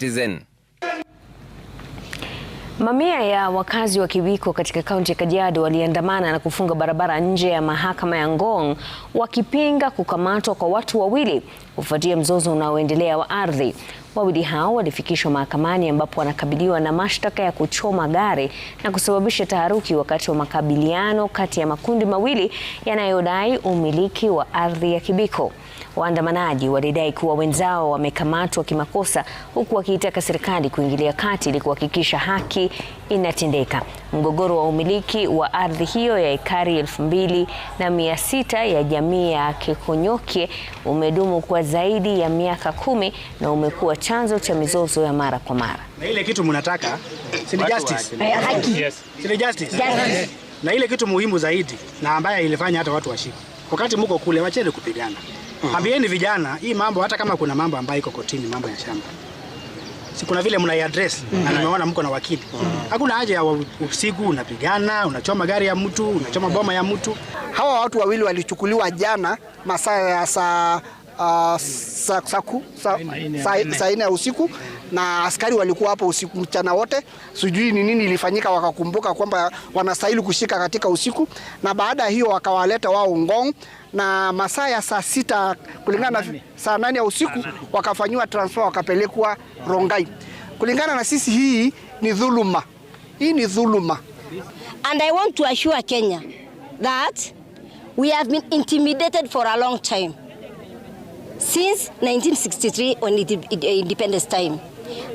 Citizen. Mamia ya wakazi wa Kiwiko katika kaunti ya Kajiado waliandamana na kufunga barabara nje ya mahakama ya Ngong wakipinga kukamatwa kwa watu wawili kufuatia mzozo unaoendelea wa ardhi. Wawili hao walifikishwa mahakamani ambapo wanakabiliwa na mashtaka ya kuchoma gari na kusababisha taharuki wakati wa makabiliano kati ya makundi mawili yanayodai umiliki wa ardhi ya Kibiko. Waandamanaji walidai kuwa wenzao wamekamatwa kimakosa, huku wakiitaka serikali kuingilia kati ili kuhakikisha haki inatendeka. Mgogoro wa umiliki wa ardhi hiyo ya ekari elfu mbili na mia sita ya jamii ya Kekonyokye umedumu kwa zaidi ya miaka kumi na umekuwa chanzo cha mizozo ya mara kwa mara. Na ile kitu mnataka si justice, haki, si justice. Na ile kitu muhimu zaidi na ambaye ilifanya hata watu washike wakati mko kule, wacheni kupigana. Mm. Ambieni vijana hii mambo, hata kama kuna mambo ambayo iko kotini, mambo ya shamba si kuna vile mna address mm. na nimeona mko na wakili mhm. hakuna haja ya usiku unapigana, unachoma gari ya mtu, unachoma mhm. boma ya mtu. Hawa watu wawili walichukuliwa jana masaa ya saa uh, ah, saa sa, sa, sa, sa, sa, sa, sa, sa, nne ya usiku na askari walikuwa hapo usiku mchana wote, sijui ni nini ilifanyika, wakakumbuka kwamba wanastahili kushika katika usiku, na baada hiyo wakawaleta wao Ngong na masaa ya saa sita kulingana na saa nane ya usiku wakafanyiwa transfer wakapelekwa Rongai. Kulingana na sisi, hii ni dhuluma, hii ni dhuluma. And I want to assure Kenya that we have been intimidated for a long time since 1963 on uh, independence time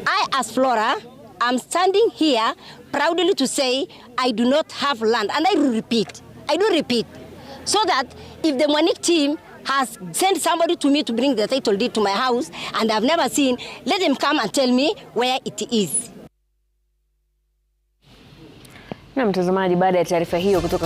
I, as Flora, am standing here proudly to say I do not have land. And I repeat, I do repeat, so that if the Monique team has sent somebody to me to bring the title deed to my house and I've never seen, let them come and tell me where it is. Na mtazamaji, baada ya taarifa hiyo kutoka